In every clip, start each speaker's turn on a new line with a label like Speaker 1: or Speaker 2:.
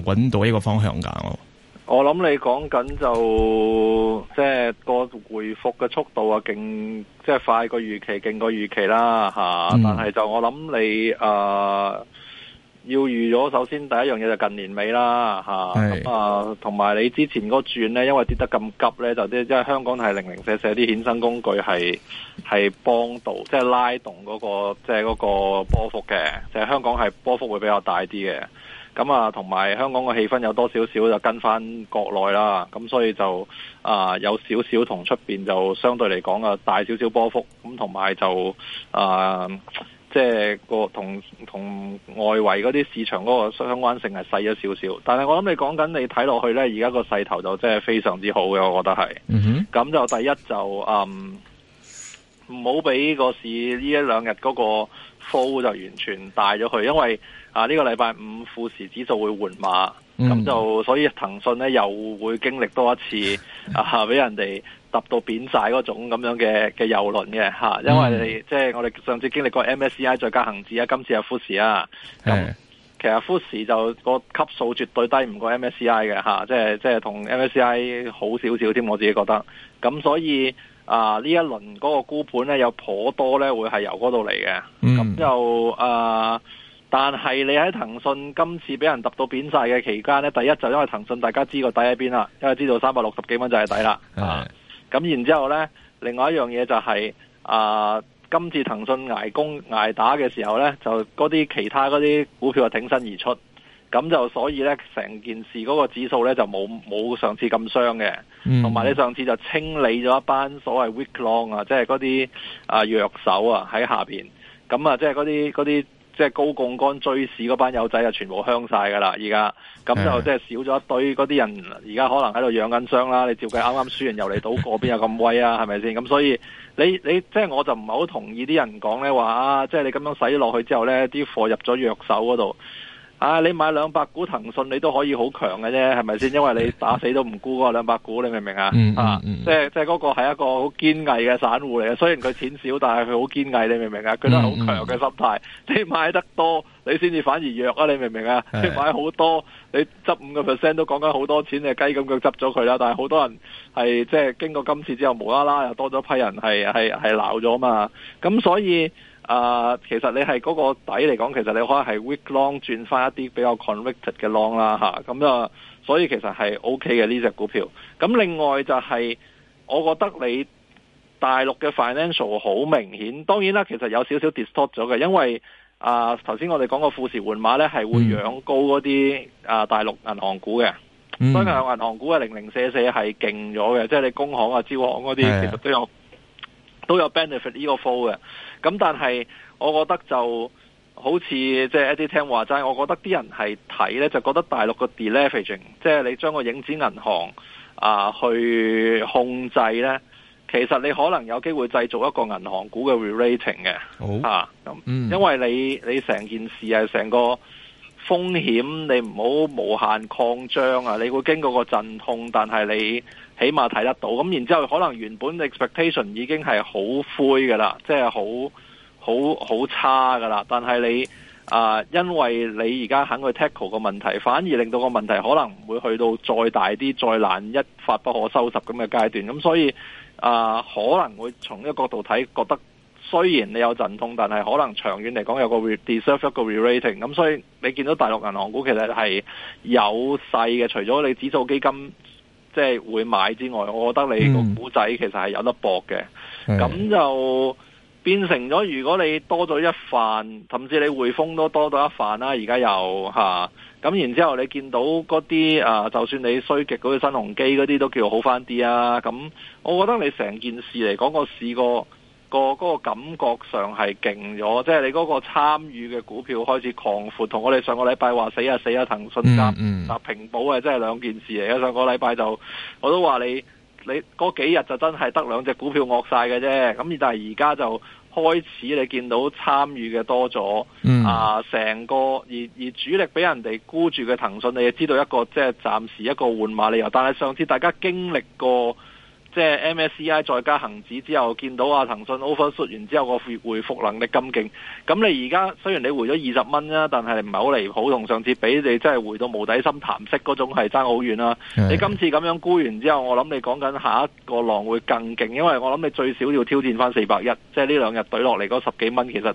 Speaker 1: 搵到呢個方向架，
Speaker 2: 我諗你講緊就即係個回復嘅速度啊，勁即係快過預期，勁過預期啦吓。嗯、但係就我諗你誒、呃、要預咗，首先第一樣嘢就近年尾啦吓。咁是 啊，同埋你之前嗰個轉呢，因為跌得咁急呢，就即係香港係零零舍舍啲衍生工具係係幫到，即係、就是、拉動嗰、那個即係嗰個波幅嘅，就是、香港係波幅會比較大啲嘅。咁啊，同埋香港嘅氣氛有多少少就跟翻國內啦，咁所以就啊有少少同出邊就相對嚟講啊大少少波幅，咁同埋就啊即係個同同外圍嗰啲市場嗰個相關性係細咗少少，但係我諗你講緊你睇落去呢，而家個勢頭就真係非常之好嘅，我覺得係，咁就第一就嗯唔好俾個市呢一兩日嗰個 fall 就完全大咗去，因為。啊！呢、這個禮拜五富時指數會換馬咁就所以騰訊呢，又會經歷多一次啊，俾人哋揼到扁晒嗰種咁樣嘅嘅游輪嘅吓、啊，因為你、嗯、即係我哋上次經歷過 MSCI 再加恒指啊，今次係富時啊。咁是、啊、其實富時就個級數絕對低唔過 MSCI 嘅吓、啊，即係即係同 MSCI 好少少添，我自己覺得。咁所以啊，呢一輪嗰個沽盤呢，有頗多呢，會係由嗰度嚟嘅，咁、嗯、就啊。但係你喺騰訊今次俾人揼到扁晒嘅期間呢，第一就因為騰訊大家知個底喺邊啦，因為知道三百六十幾蚊就係底啦，咁的、啊、然之後呢，另外一樣嘢就係、是、啊、呃，今次騰訊挨攻挨打嘅時候呢，就嗰啲其他嗰啲股票啊挺身而出，咁就所以呢，成件事嗰個指數呢就冇冇上次咁傷嘅，同埋你上次就清理咗一班所謂 week long 啊，啊，啊，即係嗰啲啊弱手啊喺下面。咁啊即係嗰啲嗰啲。即係高槓桿追市嗰班友仔就全部香曬㗎啦！而家咁就即係少咗一堆嗰啲人，而家可能喺度養緊傷啦。你照計啱啱輸完遊嚟到嗰邊又咁威啊，係咪先？咁所以你你即係、就是、我就唔係好同意啲人講咧話啊，即、就、係、是、你咁樣洗落去之後咧，啲貨入咗弱手嗰度。啊！你買兩百股騰訊，你都可以好強嘅啫，係咪先？因為你打死都唔沽嗰兩百股，你明唔明、嗯嗯、啊？啊，即係即係嗰個係一個好堅毅嘅散戶嚟嘅。雖然佢錢少，但係佢好堅毅，你明唔明啊？佢都係好強嘅心態。嗯嗯、你買得多，你先至反而弱啊！你明唔明啊？的你買好多，你執五個 percent 都講緊好多錢嘅雞咁，佢執咗佢啦。但係好多人係即係經過今次之後，無啦啦又多咗批人係係係鬧咗嘛。咁所以。啊、呃，其實你係嗰個底嚟講，其實你可能係 weak long 轉翻一啲比較 convicted 嘅 long 啦咁啊，啊，所以其實係 OK 嘅呢隻股票。咁、啊、另外就係、是、我覺得你大陸嘅 financial 好明顯，當然啦，其實有少少 distort 咗嘅，因為啊頭先我哋講個富時換馬咧，係會養高嗰啲啊大陸銀行股嘅，嗯、所以銀行股啊零零四四係勁咗嘅，即、就、係、是、你工行啊招行嗰啲的其實都有都有 benefit 呢個 fall 嘅。咁但係，我覺得就好似即係一啲聽話啫。我覺得啲人係睇呢，就覺得大陸個 deleveraging，即係你將個影子銀行啊去控制呢。其實你可能有機會製造一個銀行股嘅 re-rating 嘅，嚇好、啊、因為你你成件事係成個風險，你唔好無限擴張啊，你會經過個震痛，但係你。起碼睇得到，咁然之後可能原本 expectation 已經係好灰㗎啦，即係好好好差㗎啦。但係你啊、呃，因為你而家肯去 tackle 個問題，反而令到個問題可能唔會去到再大啲、再難一發不可收拾咁嘅階段。咁所以啊、呃，可能會從呢個角度睇，覺得雖然你有陣痛，但係可能長遠嚟講有個 re-deserve 一個 re-rating。咁 re 所以你見到大陸銀行股其實係有勢嘅，除咗你指數基金。即係會買之外，我覺得你個股仔其實係有得搏嘅。咁、嗯、就變成咗，如果你多咗一份，甚至你匯豐都多咗一份啦、啊。而家又嚇咁，啊、然之後你見到嗰啲、啊、就算你衰極嗰啲新鴻基嗰啲都叫好返啲啊。咁我覺得你成件事嚟講，我試過個嗰個感覺上係勁咗，即、就、係、是、你嗰個參與嘅股票開始擴闊，同我哋上個禮拜話死啊死啊騰訊急，嗱、嗯嗯、平保啊真係兩件事嚟嘅。上個禮拜就我都話你，你嗰幾日就真係得兩隻股票惡曬嘅啫。咁但係而家就開始你見到參與嘅多咗，啊成、嗯呃、個而而主力俾人哋沽住嘅騰訊，你就知道一個即係、就是、暫時一個換馬理由。但係上次大家經歷過。即係 MSCI 再加恒指之後，見到啊騰訊 overshoot 完之後個回復能力咁勁，咁你而家雖然你回咗二十蚊啦，但係唔係好離譜，同上次俾你真係回到無底深潭式嗰種係爭好遠啦。的你今次咁樣沽完之後，我諗你講緊下一個浪會更勁，因為我諗你最少要挑戰返四百一，即係呢兩日對落嚟嗰十幾蚊其實。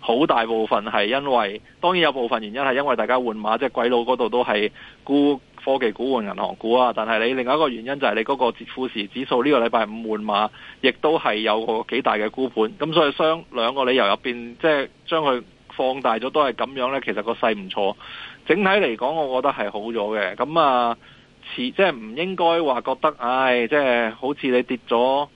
Speaker 2: 好大部分係因為，當然有部分原因係因為大家換馬，即係鬼佬嗰度都係沽科技股換銀行股啊。但係你另外一個原因就係你嗰個節富時指數呢個禮拜五換馬，亦都係有個幾大嘅沽盤。咁所以雙兩個理由入邊，即係將佢放大咗，都係咁樣呢。其實個勢唔錯，整體嚟講，我覺得係好咗嘅。咁啊，即係唔應該話覺得，唉、哎，即係好似你跌咗。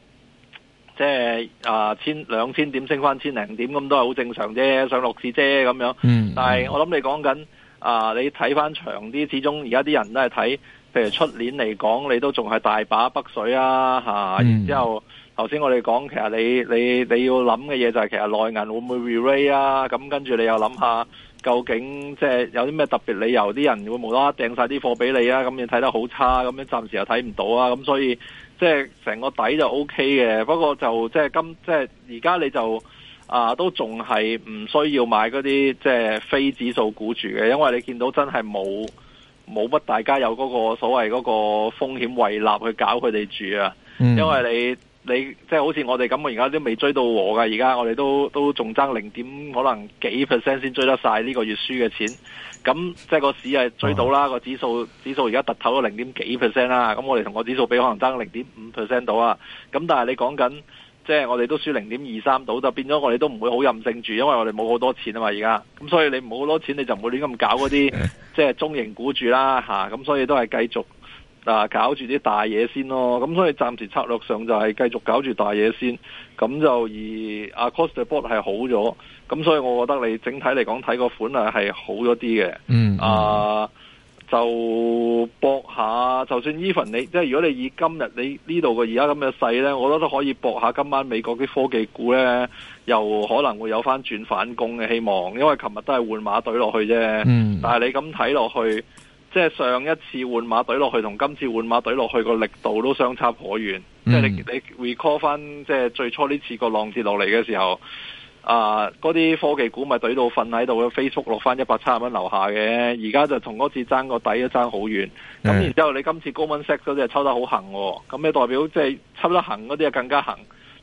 Speaker 2: 即係、就是、啊，千兩千點升翻千零點咁都係好正常啫，上六市啫咁樣。嗯、但係我諗你講緊啊，你睇翻長啲，始終而家啲人都係睇，譬如出年嚟講，你都仲係大把北水啊，吓、啊。嗯、然之後頭先我哋講，其實你你你要諗嘅嘢就係、是，其實內銀會唔會 rerate 啊？咁跟住你又諗下，究竟即係有啲咩特別理由，啲人會冇啦啦掟晒啲貨俾你啊？咁你睇得好差，咁樣暫時又睇唔到啊？咁所以。即係成個底就 O K 嘅，不過就即係今即係而家你就啊都仲係唔需要買嗰啲即係非指數股住嘅，因為你見到真係冇冇乜大家有嗰個所謂嗰個風險胃納去搞佢哋住啊，嗯、因為你你即係好似我哋咁，而家都未追到和噶，而家我哋都都仲爭零點可能幾 percent 先追得晒呢個月輸嘅錢。咁即係個市係追到啦，個、哦、指數指數而家突頭咗零點幾 percent 啦。咁、啊、我哋同個指數比可能爭零點五 percent 到啊。咁但係你講緊即係我哋都輸零點二三到，就變咗我哋都唔會好任性住，因為我哋冇好多錢啊嘛。而家咁所以你冇好多錢，你就唔會亂咁搞嗰啲即係中型股住啦咁、啊、所以都係繼續啊搞住啲大嘢先咯。咁所以暫時策略上就係繼續搞住大嘢先。咁就而 across the board 係好咗。咁所以，我覺得你整體嚟講睇個款啊，係好咗啲嘅。嗯啊，就博下，就算 even 你即係如果你以今日你呢度個而家咁嘅勢咧，我覺得都可以博下今晚美國啲科技股咧，又可能會有翻轉反攻嘅希望。因為琴日都係換馬隊落去啫。嗯、但係你咁睇落去，即係上一次換馬隊落去同今次換馬隊落去個力度都相差可遠。嗯、即係你你 recall 翻即係最初呢次個浪跌落嚟嘅時候。啊！嗰啲科技股咪懟到瞓喺度，Facebook 落翻一百七十蚊樓下嘅，而家就同嗰次爭個底都爭好遠。咁、嗯、然之後，你今次高敏 s e t 嗰啲就抽得好行、哦，咁你代表即係抽得行嗰啲啊更加行，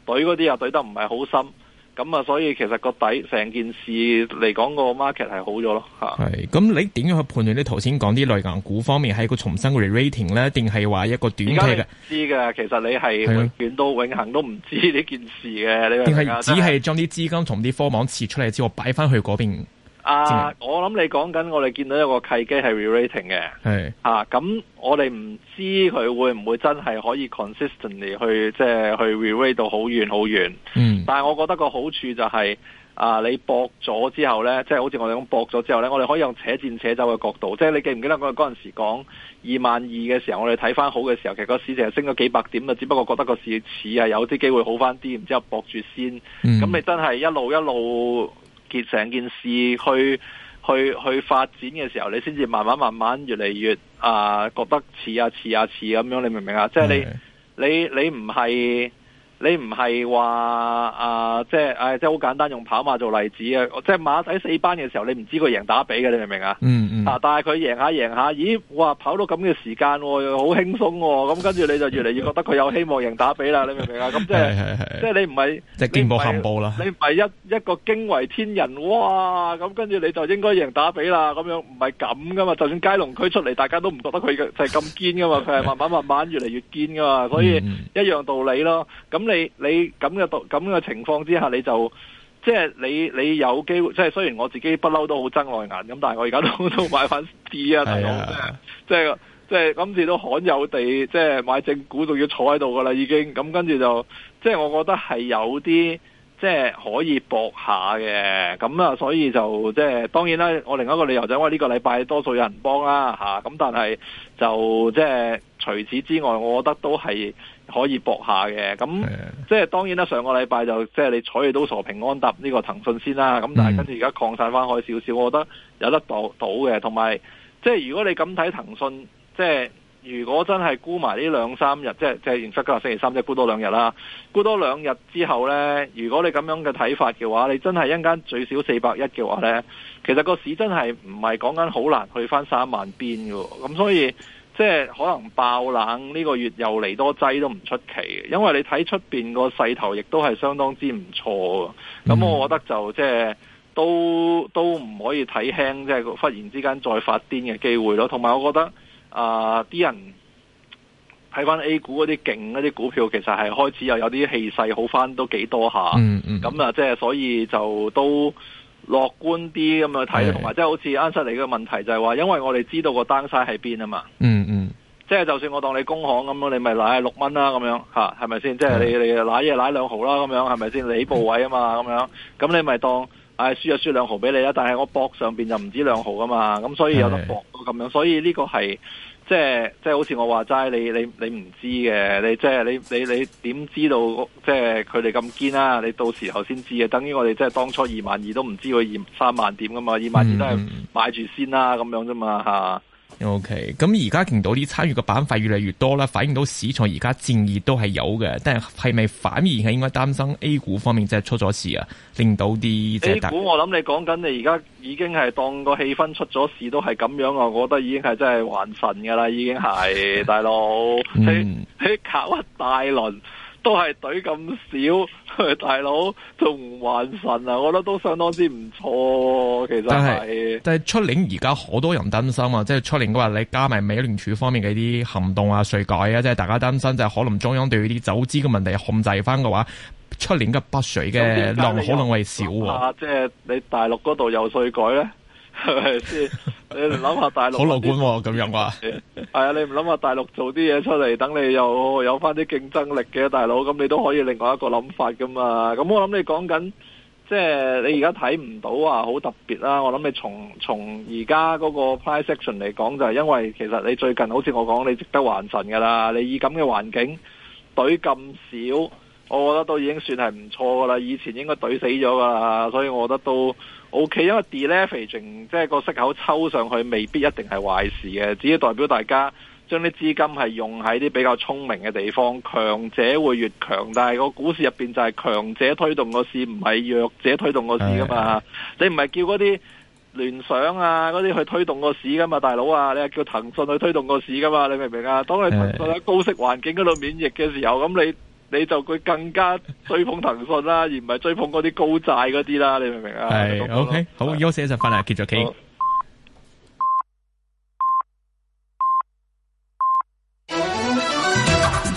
Speaker 2: 堆嗰啲又堆得唔係好深。咁啊、嗯，所以其實個底成件事嚟講個 market 係好咗咯吓。
Speaker 1: 係，咁你點樣去判斷你頭先講啲內銀股方面係一個重新 re-rating 咧，定係話一個短期嘅？唔
Speaker 2: 知㗎，其實你係永遠都永恒都唔知呢件事嘅。的你係只係
Speaker 1: 將啲資金從啲科網撤出嚟之後擺翻去嗰邊。
Speaker 2: 啊！嗯、我諗你講緊，我哋見到一個契機係 re-rating 嘅，係是啊，咁我哋唔知佢會唔會真係可以 consistently 去，即係去 re-rate 到好遠好遠。遠嗯，但係我覺得個好處就係、是，啊，你博咗之後咧，即、就、係、是、好似我哋咁博咗之後咧，我哋可以用扯戰扯走嘅角度，即係你記唔記得我嗰陣時講二萬二嘅時候，我哋睇翻好嘅時候，其實個市淨係升咗幾百點啦，只不過覺得個市似係有啲機會好翻啲，然之後博住先。咁、嗯、你真係一路一路。結成件事去去去發展嘅時候，你先至慢慢慢慢越嚟越啊，覺得似啊似啊似咁樣，你明唔明啊？即係是的 你你你唔係。你唔係話啊，即係啊，即係好簡單用跑馬做例子啊，即係馬仔四班嘅時候，你唔知佢贏打比嘅，你明唔明啊？嗯
Speaker 1: 嗯。啊，
Speaker 2: 但係佢贏下贏下，咦？哇，跑到咁嘅時間喎，好輕鬆喎，咁跟住你就越嚟越覺得佢有希望贏打比啦，你明唔明啊？咁即係即係你唔
Speaker 1: 係即係你唔係，你唔係
Speaker 2: 一一個驚為天人，哇！咁跟住你就應該贏打比啦，咁樣唔係咁㗎嘛。就算街龍區出嚟，大家都唔覺得佢就係咁堅㗎嘛，佢係慢慢慢慢越嚟越堅㗎嘛，所以一樣道理咯。咁。你你咁嘅度咁嘅情況之下，你就即係你你有機會，即係雖然我自己不嬲都好憎內銀咁，但係我而家都都買翻啲啊，係啊，即係即係今次都罕有地即係買正股，仲要坐喺度噶啦，已經咁跟住就即係我覺得係有啲即係可以搏下嘅，咁啊，所以就即係當然啦，我另一個理由就是、因為呢個禮拜多數有人幫啦吓，咁、啊、但係就即係除此之外，我覺得都係。可以搏下嘅，咁的即係當然啦。上個禮拜就即係你採佢都傻平安搭呢個騰訊先啦。咁、嗯、但係跟住而家擴散翻開少少，我覺得有得到到嘅。同埋即係如果你咁睇騰訊，即係如果真係沽埋呢兩三日，即係即係認識今日星期三，即係沽多兩日啦。沽多兩日之後呢，如果你咁樣嘅睇法嘅話，你真係一間最少四百一嘅話呢，其實個市真係唔係講緊好難去翻三萬邊嘅，咁所以。即係可能爆冷呢個月又嚟多劑都唔出奇，因為你睇出面個勢頭亦都係相當之唔錯啊。咁、嗯、我覺得就即係都都唔可以睇輕，即係忽然之間再發癲嘅機會咯。同埋我覺得啊，啲人睇翻 A 股嗰啲勁嗰啲股票，其實係開始又有啲氣勢好翻，都幾多下。咁啊、嗯，即係所以就都。就就就就樂觀啲咁樣睇，同埋即係好似啱出嚟嘅問題就係話，因為我哋知道個單曬喺邊啊嘛。嗯嗯，即係就算我當你工行咁樣，你咪瀨六蚊啦咁樣嚇，係咪先？即係是的 你你瀨嘢瀨兩毫啦咁樣，係咪先？你部位啊嘛咁樣，咁你咪當誒、哎、輸就輸兩毫俾你啦。但係我博上邊就唔止兩毫啊嘛，咁所以有得博咁樣，所以呢個係。即係即係好似我話齋，你你你唔知嘅，你，你，你即係你你你點知道？即係佢哋咁堅啊你到時候先知嘅。等於我哋即係當初二萬二都唔知佢二三萬點噶嘛，二萬二都係買住先啦，咁、嗯、樣啫嘛吓。
Speaker 1: O K，咁而家見到啲參與嘅板塊越嚟越多啦，反映到市場而家戰意都係有嘅，但係係咪反而係應該擔心 A 股方面即係出咗事啊？令到啲 A 股，
Speaker 2: 我諗你講緊你而家已經係當個氣氛出咗事都係咁樣啊，我覺得已經係真係還神㗎喇，已經係大佬， 你你搞一大輪。都係隊咁少，大佬仲唔還神啊！我覺得都相當之唔錯，其實係。
Speaker 1: 但係出年而家好多人擔心啊，即係出年嘅話，你加埋美聯儲方面嘅啲行動啊、稅改啊，即係大家擔心就可能中央對啲走資嘅問題控制翻嘅話，出年嘅北水嘅量可能會少。啊，
Speaker 2: 即係你大陸嗰度有稅改咧？係咪先？你唔諗下大陸好樂觀咁樣話係啊？你唔諗下大陸做啲嘢出嚟，等你又有翻啲競爭力嘅大佬，咁你都可以另外一個諗法噶嘛？咁我諗你講緊即係你而家睇唔到話好、啊、特別啦。我諗你從從而家嗰個 price action 嚟講，就係、是、因為其實你最近好似我講你值得還神噶啦，你以咁嘅環境隊咁少。我覺得都已經算係唔錯噶啦，以前應該懟死咗噶啦，所以我覺得都 OK，因為 deleveraging 即係個息口抽上去，未必一定係壞事嘅，只要代表大家將啲資金係用喺啲比較聰明嘅地方，強者會越強，但係個股市入面就係強者推動個市，唔係弱者推動個市噶嘛。是的 你唔係叫嗰啲聯想啊嗰啲去推動個市噶嘛，大佬啊，你係叫騰訊去推動個市噶嘛？你明唔明啊？當你騰訊喺高息環境嗰度免疫嘅時候，咁你你就會更加追捧騰訊啦， 而唔係追捧嗰啲高債嗰啲啦，你明唔明啊？
Speaker 1: 係是，OK，好 yeah. 休息一陣翻嚟繼續傾。